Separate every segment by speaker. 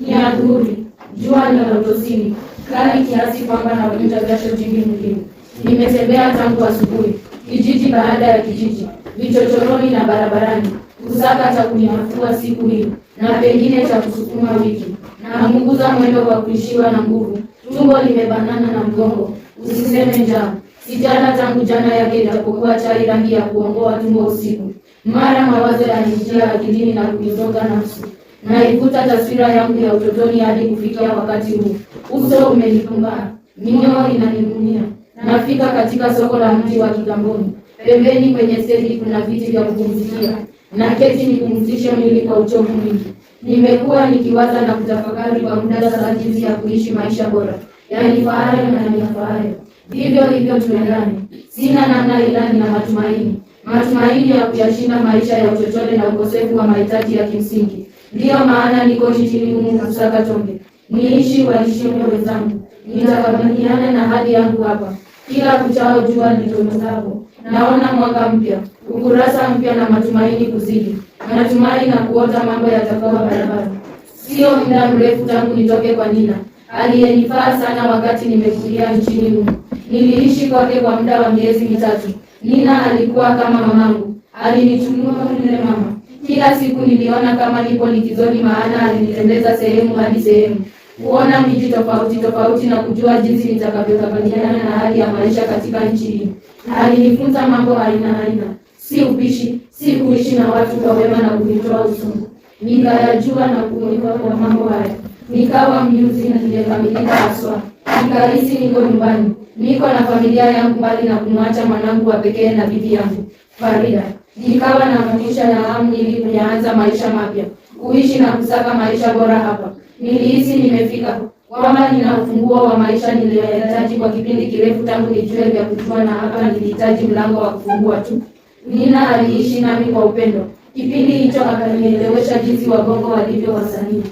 Speaker 1: ni adhuhuri, jua linalotosini kali kiasi kwamba navuta jasho jingi mwilini. Nimetembea tangu asubuhi, kijiji baada ya kijiji, vichochoroni na barabarani, kusaka cha kuniafua siku hii na pengine cha kusukuma wiki. Napunguza mwendo kwa kuishiwa na nguvu, tumbo limebanana na mgongo. Usiseme njaa, sijala tangu jana yake itapokuwa chai rangi ya kuongoa tumbo usiku. Mara mawazo yanijia akilini na kuizonga nafsi naivuta taswira yangu ya utotoni hadi kufikia wakati huu. Uso umenipumba, minyoo inaning'unia. Nafika katika soko la mji wa Kigamboni. Pembeni kwenye stendi kuna viti vya kupumzikia na keti nipumzishe mwili kwa uchovu mwingi. Nimekuwa nikiwaza na kutafakari kwa muda sasa jinsi ya kuishi maisha bora yanifaayo na yanifaayo. hivyo hivyo tuendane, sina namna ila nina matumaini, matumaini ya kuyashinda maisha ya uchochole na ukosefu wa mahitaji ya kimsingi. Ndiyo maana niko jijini humu kusaka chombe, niishi waheshimu wenzangu, nitakabiliana na hali yangu hapa. Kila kuchao jua lichomozapo, naona mwaka mpya, ukurasa mpya na matumaini kuzidi, natumai na kuota mambo yatakuwa barabara. Sio muda mrefu tangu nitoke kwa Nina aliyenifaa sana wakati nimekulia nchini humu. Niliishi kwake kwa muda wa miezi mitatu. Nina alikuwa kama mamangu, alinichunua yule mama kila siku niliona kama nipo likizoni, maana alinitembeza sehemu hadi sehemu, kuona miji tofauti tofauti na kujua jinsi nitakavyokabiliana na hali ya maisha katika nchi hii. Alinifunza mambo aina aina, si upishi, si kuishi na watu kwa wema na kuvitoa usungu. Nikayajua na kuelewa kwa mambo haya, nikawa mjuzi na nimekamilika haswa. Nikahisi niko nyumbani, niko na familia yangu, mbali na kumwacha mwanangu wa pekee na bibi yangu Farida. Nikawa na motisha na hamu kuanza maisha mapya, kuishi na kusaka maisha bora hapa. Nilihisi nimefika, kwamba nina ufunguo wa maisha niliyohitaji kwa kipindi kirefu tangu nijue vya kujua, na hapa nilihitaji mlango wa kufungua tu. Nina aliishi nami kwa upendo. Kipindi hicho akanielewesha jinsi Wagongo walivyo wasanii.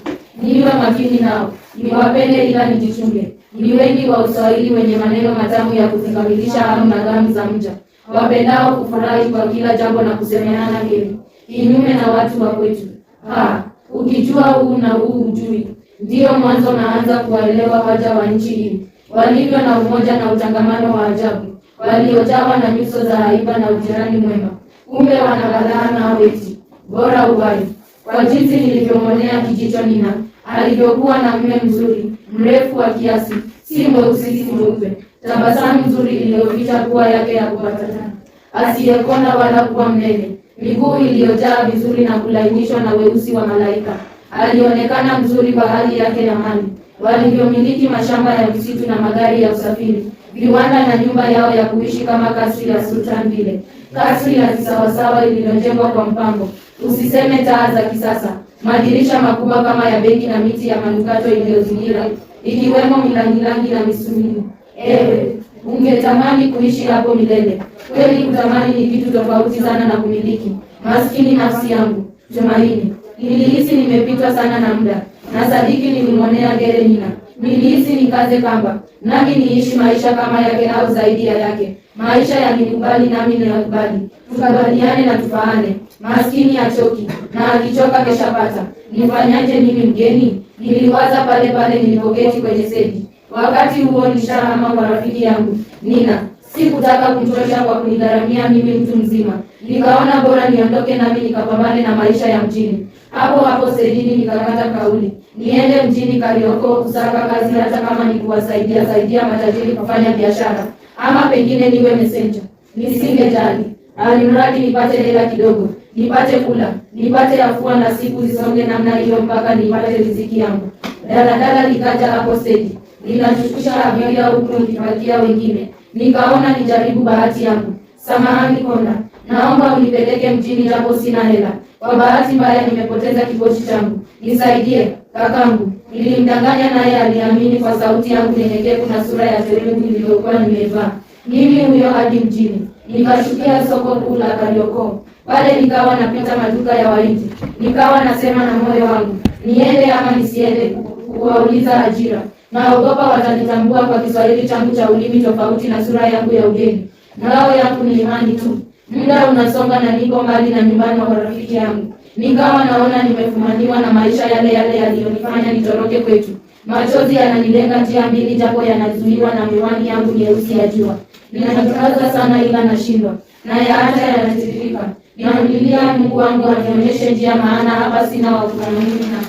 Speaker 1: Niwe makini nao, niwapende ila nijichunge. Ni wengi wa Uswahili wenye maneno matamu ya kuzikamilisha hamu na gamu za mja wapendao kufurahi kwa kila jambo na kusemeana heri, kinyume na watu wa kwetu. Ha, ukijua huu na huu ujui, ndiyo mwanzo naanza kuwaelewa waja wa nchi hii, walivyo na umoja na utangamano wa ajabu, waliojawa na nyuso za aiba na ujirani mwema, kumbe wanaghadhaa na weti, bora uwai. Kwa jinsi nilivyomwonea kijicho Nina alivyokuwa na mme mzuri mrefu wa kiasi, si mweusi si mweupe tabasamu nzuri iliyoficha pua yake ya kupatana, asiyekonda wala kuwa mnene, miguu iliyojaa vizuri na kulainishwa na weusi wa malaika. Alionekana mzuri kwa hali yake ya mali, walivyomiliki mashamba ya misitu na magari ya usafiri, viwanda na nyumba yao ya kuishi kama kasri ya sultan vile, kasri ya kisawasawa iliyojengwa kwa mpango, usiseme taa za kisasa, madirisha makubwa kama ya benki na miti ya manukato iliyozingira ikiwemo milangilangi na misumini. Ewe ungetamani kuishi hapo milele kweli. Kutamani ni kitu tofauti sana na kumiliki. Maskini nafsi yangu Tumaini, nilihisi nimepitwa sana na muda na Sadiki nilimwonea gere Nina. Nilihisi nikaze kamba nami niishi maisha kama yake au zaidi ya yake, maisha yanikubali nami niyakubali, tukabaliane na tufaane. Maskini achoki na akichoka keshapata. Nifanyaje mimi mgeni? Niliwaza pale pale nilipoketi kwenye sedi Wakati huo nishahama kwa rafiki yangu Nina. Sikutaka kumchosha kwa kunigharamia mimi mtu mzima, nikaona bora niondoke nami nikapambane na maisha ya mjini. Hapo hapo sejini nikakata kauli niende mjini Kariakoo kusaka kazi, hata kama ni kuwasaidia saidia matajiri kufanya biashara, ama pengine niwe mesenja, nisingejali alimradi nipate hela kidogo, nipate kula, nipate afua, na siku zisonge namna hiyo mpaka nipate riziki yangu. Daladala likaja hapo Sedi linashukisha la mioyo huku nikipatia wengine. Nikaona nijaribu bahati yangu. Samahani konda, naomba unipeleke mjini, japo sina hela. Kwa bahati mbaya nimepoteza kiboshi changu, nisaidie kakangu. Nilimdanganya naye aliamini kwa sauti yangu nyenyekevu na sura ya serugu niliyokuwa nimevaa mimi huyo hadi mjini. Nikashukia soko kuu la Kariakoo. Pale nikawa napita maduka ya waiti, nikawa nasema na moyo wangu, niende ama nisiende kuwauliza ajira Naogopa watanitambua kwa Kiswahili changu cha ulimi tofauti na sura yangu ya ugeni. Ngao yangu ni imani tu. Muda unasonga na niko mbali na nyumbani wa rafiki yangu, ningawa naona nimefumaniwa na maisha yale yale yaliyonifanya nitoroke kwetu. Machozi yananilenga njia mbili, japo yanazuiwa na miwani yangu nyeusi ya jua. Ninajikaza sana, ila nashindwa, na yaacha yanatiririka. Ninamlilia Mungu wangu anionyeshe njia, maana hapa sina wa kunununa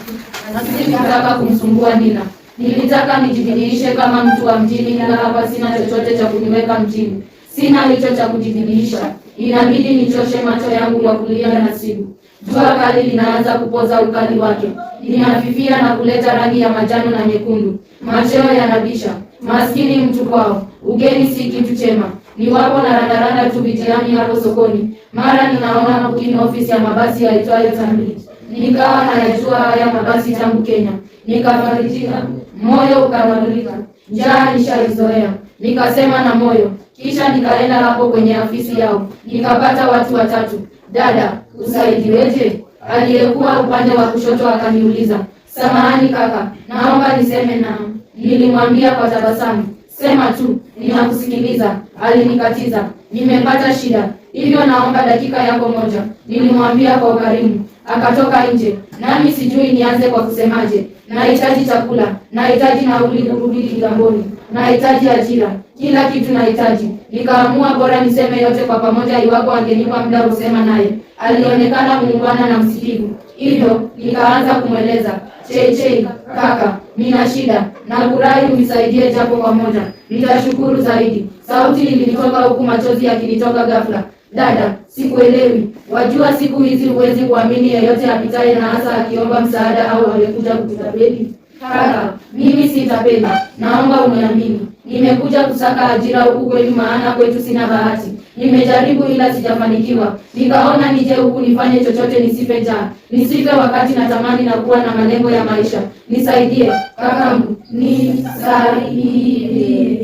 Speaker 1: na sikutaka kumsumbua Nina. Nilitaka nijidhihirishe kama mtu wa mjini, na hapa sina chochote cha kuniweka mjini, sina hicho cha kujidhihirisha. Inabidi nichoshe macho yangu ya kulia na simu. Jua kali linaanza kupoza ukali wake, linafifia na kuleta rangi ya manjano na nyekundu. Macheo yanabisha maskini mtu kwao. Ugeni si kitu chema, ni wapo na randaranda tu vijirani hapo sokoni. Mara ninaona mkini ofisi ya mabasi yaitwayo Tanrit Nikawa nayajua haya mabasi tangu Kenya, nikafarijika, moyo ukanadulika, njaa nishaizoea. Nikasema na moyo, kisha nikaenda hapo kwenye afisi yao, nikapata watu watatu. Dada, usaidiweje? Aliyekuwa upande wa kushoto akaniuliza. Samahani kaka, naomba niseme na nilimwambia kwa tabasamu. Sema tu, ninakusikiliza. Alinikatiza. Nimepata shida, hivyo naomba dakika yako moja, nilimwambia kwa ukarimu akatoka nje, nami sijui nianze kwa kusemaje. Nahitaji chakula, nahitaji nauli kurudi Kigamboni, nahitaji ajira, kila kitu nahitaji. Nikaamua bora niseme yote kwa pamoja, iwapo angenipa muda kusema naye. Alionekana muungwana na msikivu, hivyo nikaanza kumweleza Cheichei, kaka, nina shida, na kurahi unisaidie japo pamoja, nitashukuru zaidi. Sauti ilinitoka huku machozi yakinitoka ghafla. Dada, sikuelewi. Wajua siku hizi huwezi kuamini yeyote apitaye na hasa akiomba msaada au amekuja kukutapeli.
Speaker 2: Kaka, mimi sitapeli, naomba uniamini. Nimekuja kusaka ajira huku kwenu, maana kwetu sina bahati. Nimejaribu ila sijafanikiwa, nikaona nije huku nifanye chochote, nisife njaa, nisife wakati natamani na kuwa na malengo ya maisha. Nisaidie kakangu, nisaidie.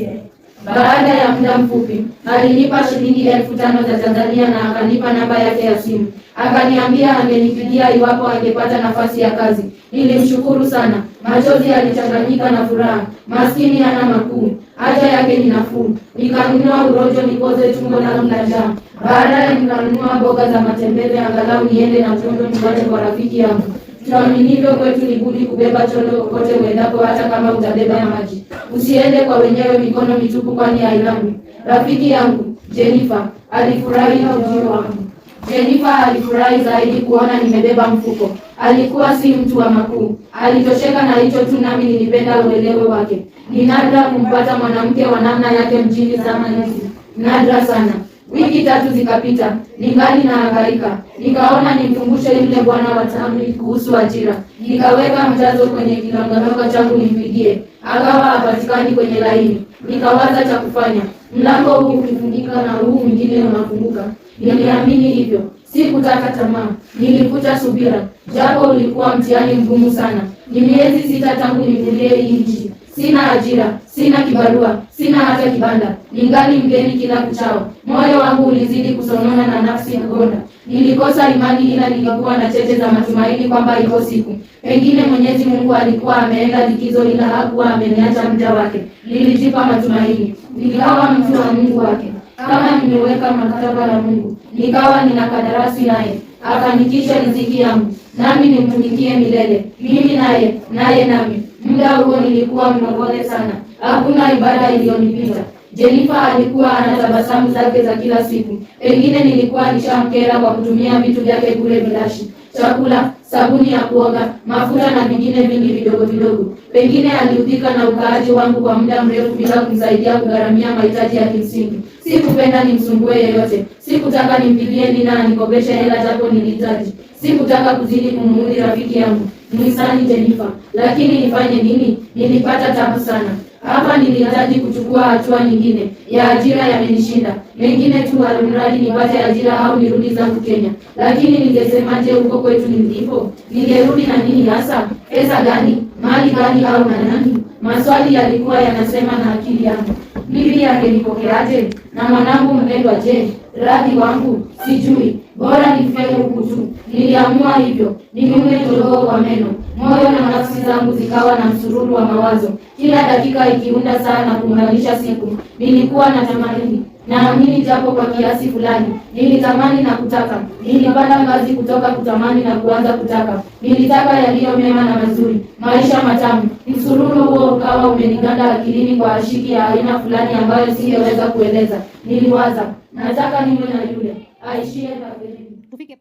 Speaker 2: Baada ya muda mfupi alinipa shilingi elfu tano za Tanzania na akanipa namba yake ya simu. Akaniambia angenipigia iwapo angepata nafasi ya kazi. Nilimshukuru sana, machozi yalichanganyika na furaha. Maskini ana makuu, haja yake ni nafuu. Nikanunua urojo nikoze tumbo na mla njaa. Baadaye nikanunua mboga za matembele, angalau niende na utondo nipate kwa rafiki yangu. Tuaminivyo kwetu ni budi kubeba chondo popote uendapo, hata kama utabeba ya maji. Usiende kwa wenyewe mikono mitupu, kwani hainami. Rafiki yangu Jenifa alifurahi ujio wangu. Jenifa alifurahi zaidi kuona nimebeba mfuko. Alikuwa si mtu wa makuu, alitosheka na hicho tu, nami nilipenda uelewe wake. Ni nadra kumpata mwanamke wa namna yake mjini zama hizi, nadra sana. Wiki tatu zikapita, ningali hangaika, Nikaona nimkumbushe yule bwana wa Tamri kuhusu ajira. Nikaweka mjazo kwenye kilononoka changu nimpigie, akawa hapatikani kwenye laini. Nikawaza cha kufanya, mlango huu ukifungika na huu mwingine unafunguka. Niliamini hivyo, sikutaka tamaa, nilivuta subira, japo ulikuwa mtihani mgumu sana. Ni miezi sita tangu nivulie hii nchi, sina ajira, sina kibarua, sina hata kibanda, ningali mgeni kila kuchao. Moyo wangu ulizidi kusonona na nafsi yagonda. Nilikosa imani, ila nilikuwa na cheche za matumaini kwamba iko siku pengine Mwenyezi Mungu alikuwa ameenda likizo, ila hakuwa ameniacha mja wake. Nilijipa matumaini, nikawa mtu wa Mungu wake kama nimeweka maktaba ya Mungu, nikawa nina kadarasi naye akanikisha riziki yangu nami nimtumikie milele, mimi naye naye nami. Muda huo nilikuwa mnogole sana, hakuna ibada iliyonipita. Jenifa alikuwa ana tabasamu zake za kila siku. Pengine nilikuwa nishamkera kwa kutumia vitu vyake kule bilashi, chakula, sabuni ya kuoga, mafuta na vingine vingi vidogo vidogo. Pengine aliudhika na ukaaji wangu kwa muda mrefu bila kumsaidia kugharamia mahitaji ya kimsingi. Sikupenda nimsumbue yeyote, sikutaka nimpigie Nina anikopeshe hela, japo nilihitaji Sikutaka kuzidi kumuudhi rafiki yangu Mhisani Jenifa, lakini nifanye nini? Nilipata tabu sana hapa. Nilihitaji kuchukua hatua nyingine ya ajira, yamenishinda mengine tu, alimradi nipate ajira au nirudi zangu Kenya. Lakini ningesemaje huko kwetu nilipo? Ningerudi na nini hasa? Pesa gani? Mali gani? au na nani? Maswali yalikuwa yanasema na akili yangu. Bibi angenipokeaje? Na mwanangu mpendwa, je, radhi wangu? Sijui bora nife huku tu. Niliamua hivyo, niliume jogoo kwa meno. Moyo na nafsi zangu zikawa na msururu wa mawazo, kila dakika ikiunda saa na kuunganisha siku. Nilikuwa na tamaini naamini japo kwa kiasi fulani, nilitamani na kutaka. Nilipanda ngazi kutoka kutamani na kuanza kutaka. Nilitaka yaliyo mema na mazuri, maisha matamu. Msururu huo ukawa umeniganda akilini kwa ashiki ya aina fulani ambayo singeweza kueleza. Niliwaza, nataka niwe na yule ఐశ్వర్యపరిచి